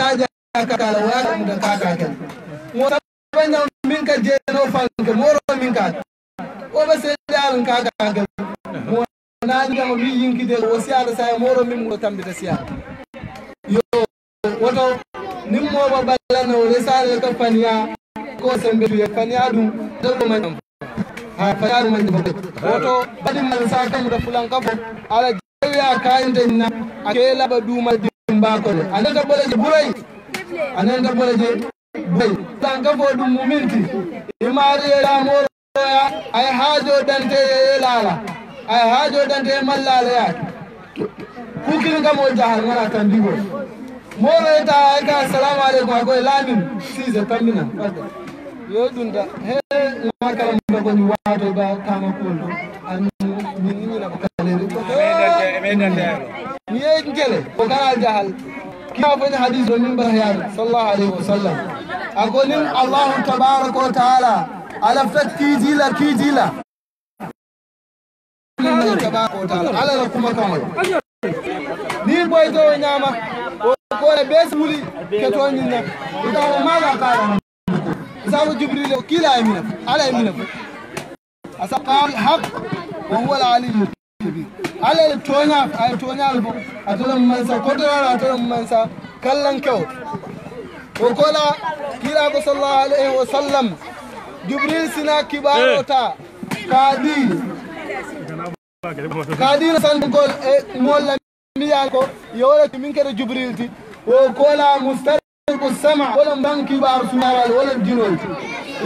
kagakala waɗamuda kakakel mo sabañam min ka jeeno falke moro min kaat oɓa seɗalan kakakel mo nañama min yinkide wo siyaɗa saya moro min muɗo tambita siyaɗa yo woto nin moɓa ɓallanao le sare ka faniya ko sembeduye faniya ɗum ɗaɗomaa ha faniya ɗumaa woto baɗimal sa kamuɗa fulan ka fo ala jewiya kayinteina a kelaɓa ɗumaɗi mbakole ananta bolaje buray ananta bolaje buray tanka fo ɗum muminti imari e lamoroya ay haajo dante e laala ay haajo dante e mallala yaake kukin kam o jahal ngana tan ndigo moro eta ay ka assalamu aleykum ay koye laamin sise tammina fadda yo ɗum da he makala mbagoni waato ba kama kuol ɗo an min ñinako kalere meɗante meɗante niyen kele ko kana jahal kina fani hadiso min barhayan sallallahu alaihi wasallam agonin allah tabaraka wa taala ala fatti jila ki jila tabaraka wa taala ala la kuma kan ni boy to nyama ko la bes wuli ke to ni na ko ma ga kala zawo jibril kila amina ala amina asaqal haq wa huwa al aliyyul kabir ala ya tonya a tonya albo a tolan mansa ko da a tolan mansa kallan kyau ko kola kira ko sallallahu alaihi wa sallam jibril sina kibarota kadi kadi san ko molla miya ko yawla min kada jibril ti ko kola mustar السمع ولم بنكي بارسنال ولم جنول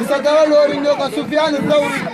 إذا قال لورين يوكا سفيان الثوري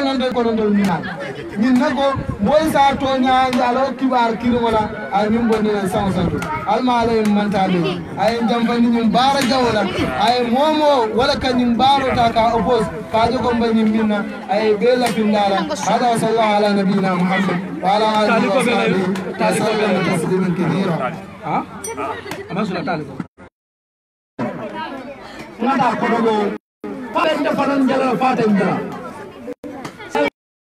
nonde ko non dol minan min nago boy sar to nyaal alo kibar kirwala ay min bonde nan saw santo alma ala en mantade ay jamfani min bara jawla ay momo wala kanyim baro ta ka opos ka jogo mbani minna ay bela findala hada sallallahu ala nabina muhammad wa ala alihi wa sahbihi tasallam tasliman kathira ha amma sura taliko nada ko dogo fa en da faran jala fa tan jala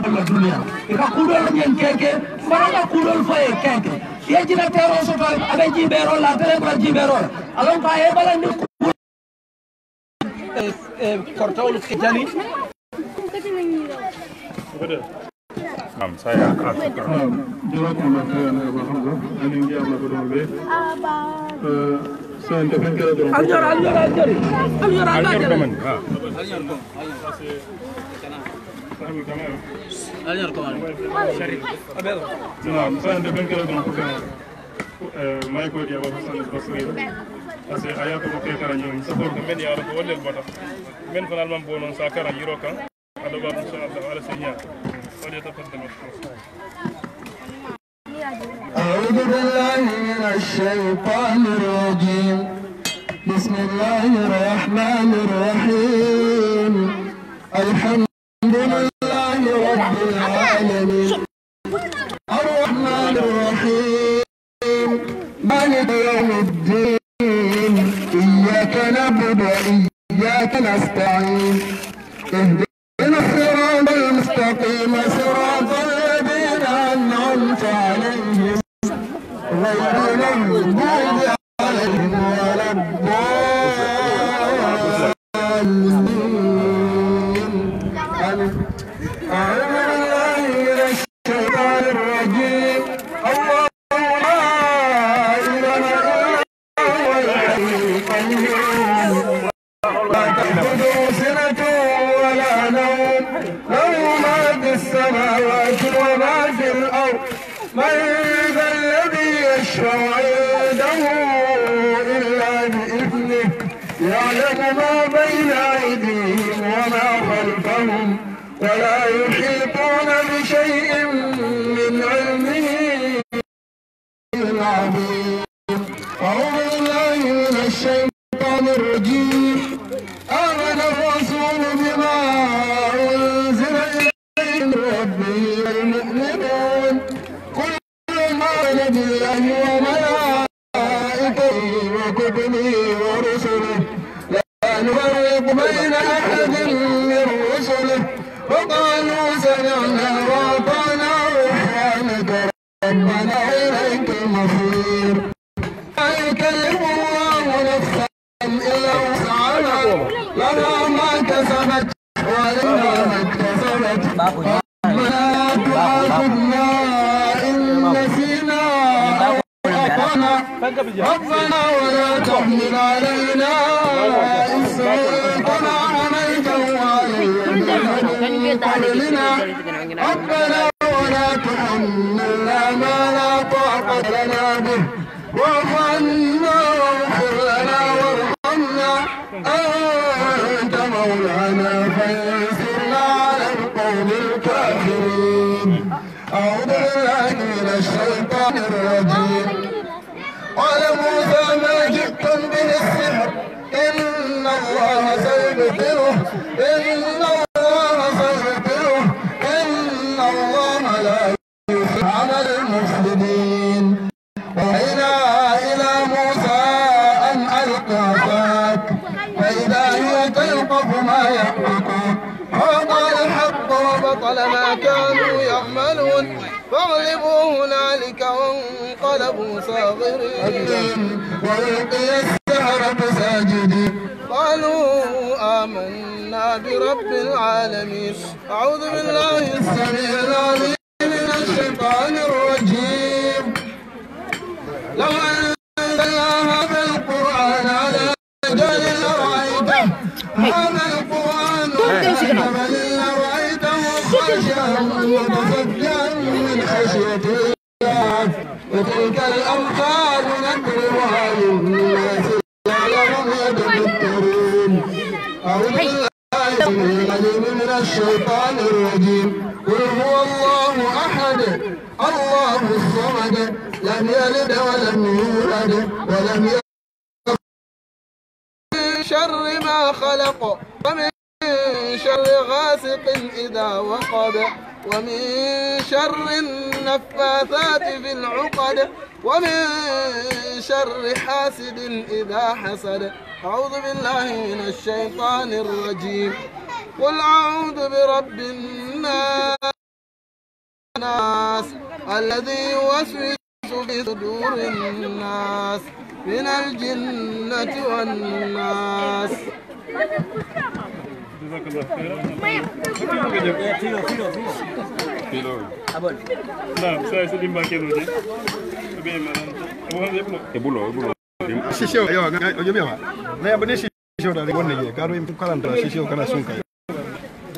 global dunia ika kudol nyen keke farala kudol faye keke yejina tero soto abe jibero la tele bra jibero alon ka e balandi kortawlu kejani am saya akata jawakum khairan ya hamza ani ngi am ko don be aba sen te fen kala don aljor aljor aljor aljor aljor aljor aljor aljor aljor aljor أنا أعوذ بالله من الشيطان الرجيم بسم الله الرحمن الرحيم الحمد العالمين الرحمن الرحيم مالك يوم الدين إياك نعبد وإياك نستعين اهدنا الصراط المستقيم صراط الذين أنعمت عليهم وما خلفهم ولا يحيطون بشيء من علمه العظيم أعوذ بالله من الشيطان الرجيم آمن الرسول بما أنزل إليه من ربه والمؤمنون كل آمن بالله وملائكته وكتبه ورسله لا نفرق بين تحمل علينا إسرا كما حملته على من ربنا ولا تحملنا ما لا طاقة لنا به إن الله إن الله لا المفسدين إلى موسى أن فإذا تلقف ما الحق وبطل ما كانوا يعملون فاغلبوا هنالك وانقلبوا صاغرين وألقي السحرة ساجدين قالوا آمنا برب العالمين أعوذ بالله السميع العليم من الشيطان الرجيم لو أنزلنا هذا القرآن على جل لرأيته هذا القرآن على جبل لرأيته خاشعا متصدعا من خشية الله وتلك الأمثال نضربها الشيطان الرجيم قل هو الله أحد الله الصمد لم يلد ولم يولد ولم يكن من شر ما خلق ومن شر غاسق إذا وقب ومن شر النفاثات في العقد ومن شر حاسد إذا حسد أعوذ بالله من الشيطان الرجيم قل أعوذ برب الناس الذي يوسوس في صدور الناس من الجنة والناس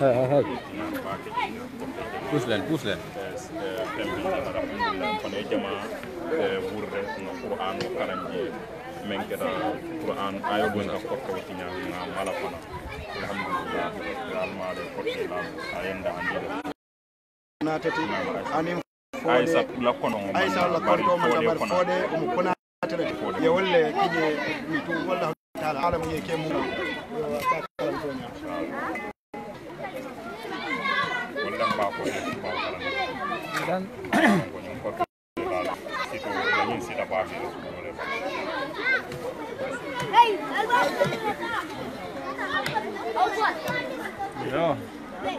Hadi hadi. Puslen, puslen. Fana ye jama wurre no Qur'an o karam je men keta Qur'an ayo bon ka korto tinya ma mala fana. Alhamdulillah. Almare korto la ayenda andira. Na tati anim Aisha la kono mo. Aisha la kono mo da fode mo kona tele. Ya walle alam ye kemu. Walang bako niya. Dan. Sito, ganyan sila pa ako. Hey, Alba! Oh, what? Yo. Hey.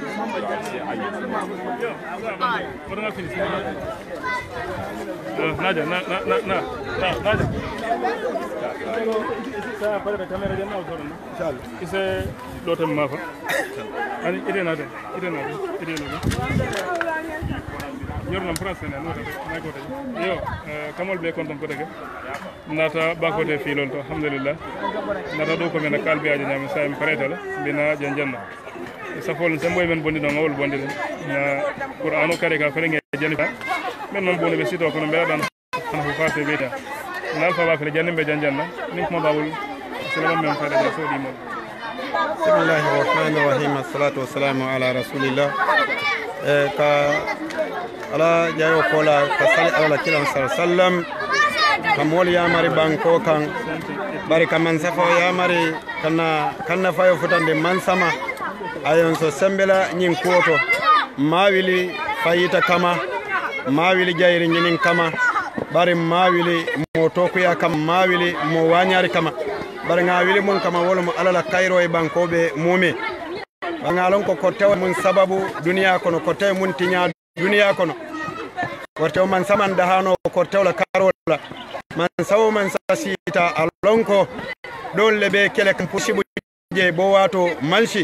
Nadia, na, na, na, na, na, Nadia. Saya pada da kamera jangan nak turun. Insyaallah. Isa lotem maaf. Ani ide nada, ide nada, ide nada. Yor nam France ne no na ko te. Yo, kamol be kontom ko tege. Nata ba ko te fi lon to alhamdulillah. Nata do ko men kalbi aja nyam sa em paretal bina janjanna. safol boy men do ngawol bondire na qur'anu o kare ka jani ba men non bondi ɓe sito kono mbelaɗan ana fo fate ɓeyta nan fawa fele jannimɓe jan janna min kuma babol salam men so di mo bisimillahi rahmani rahim assalatu wassalamu ala rasulillah e ka ala jayo kola ka sali ala kilan sallam ka ya mari banko kan bari ka man safo mari kana kanna fayo futande man sama ayon so sembela nyin kuwoto mawili fayita kama mawili jayri ñinin kama bari mawili mo tokuya kama mawili mo wanyari kama bari nga mon mun kama wolum alala kayro e bankoɓe mume bangalon ko kortew mun sababu duniya kono kortew mun tiña dunia kono kortew man saman dahano kortewla karola man sawo man sa sita alonko ɗon le be kele kam je bo wato manshi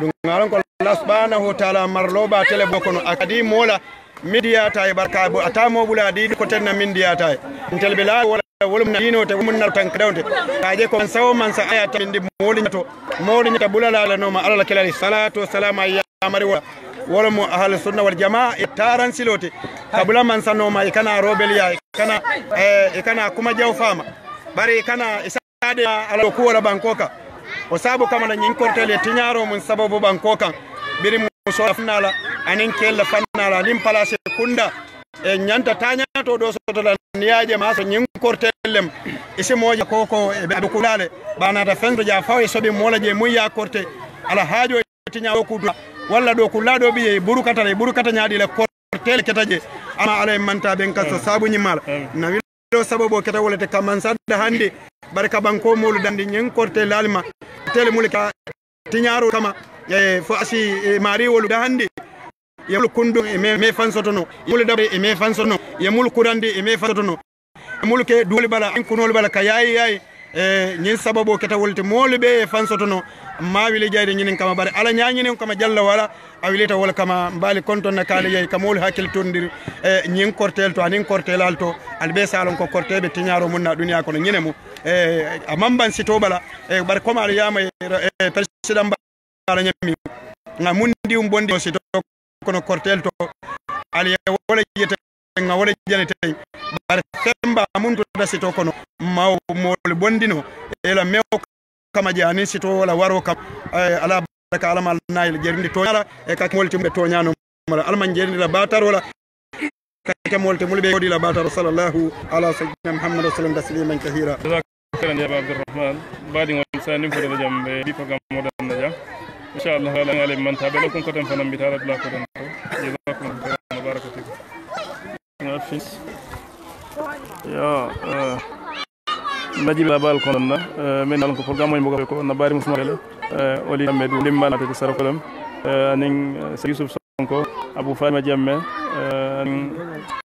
ɗum ko allah subhanahu wa taala ba tele bo kono akadi moola min ndiyata e barka bo a tamobula ko tenna min ndiyata e tele bela wala wolum na dino te womumnar tan kadawde kaje ko sawo man sa aya bulala la no ma alala kelali salatu wasalamu ya amari wola wala mo ahal sunna wal jamaa e taran silote kabula man ma e kana robel ya e kana eh, e kana kuma jaw fama bari e kana isade e ala ko wala bankoka ko o saabu kamana ñin kortele tinyaro mun sababu banko kan biri mu so fannala anin kella fannala anin place kunda e nyanta tanya ñanta tañato ɗo sotola niyaje ma so ñin kortellem moje koko e be kulale bana ta fendo ja faw e soɓi mola je mum ya korte ala haajo tiñawo kuda walla ɗo kullaɗo ɓiye burukatala e burukata ñaɗile kortele ketaje ama ala e manta ɓen kasa sabuñimala nawilo sababu keta wolete kamansaɗa hannde bare ka banko molu dandi ñin korte lalima tele mule ka tiñaro kama e fo asi e, mari wolu da hande ye mul kundu e me fansotono mul dabe e me sotono ye mul kurandi e me fansotono mul ke duwol bala en kunol bala ka yayi yayi e eh, ñin sababu keta wolte moolu ɓe e fansotono ma wili jeyde ñinin kama bare ala ñañinin kama jalla wala a wilita wala kama mbaali na kaale yeyi kama moolu hakil tondir e eh, ñin kortel to anin kortel to ala ɓe salon ko korteɓe tiñaro mum na duniya kono ñine mum e eh, a mamban bala e bare comme aɗa yama e président mbara ñami na mun ndiw um bonde sito kono kortel to ala wala yiyete ŋawole jani tay bare semba mun tota sito kono maw moole bondino ela mewo kama jani sito wala waro kam eh, ala baraka alama alnayil jerindi toñala e kake molti mɓe toñano mala alma jerindi la bataro la kake molte mulɓe godi la bataro sallallahu ala sayyidina muhammad sallam tasliman kahira kalan jaba abdourahman baɗigol sanim fotoɗo jaam ɓe ɗifa gam moɗanna jaam inchallah ala ale manta ɓe lokkon koten fanan mbitaraɗula koten ko jasakum fils. Yo, nadi babal ko nonna men alon ko program mo ngobe ko na bari musuma le o li medu limma na te saro kolam anin sa yusuf sonko abu fatima jamme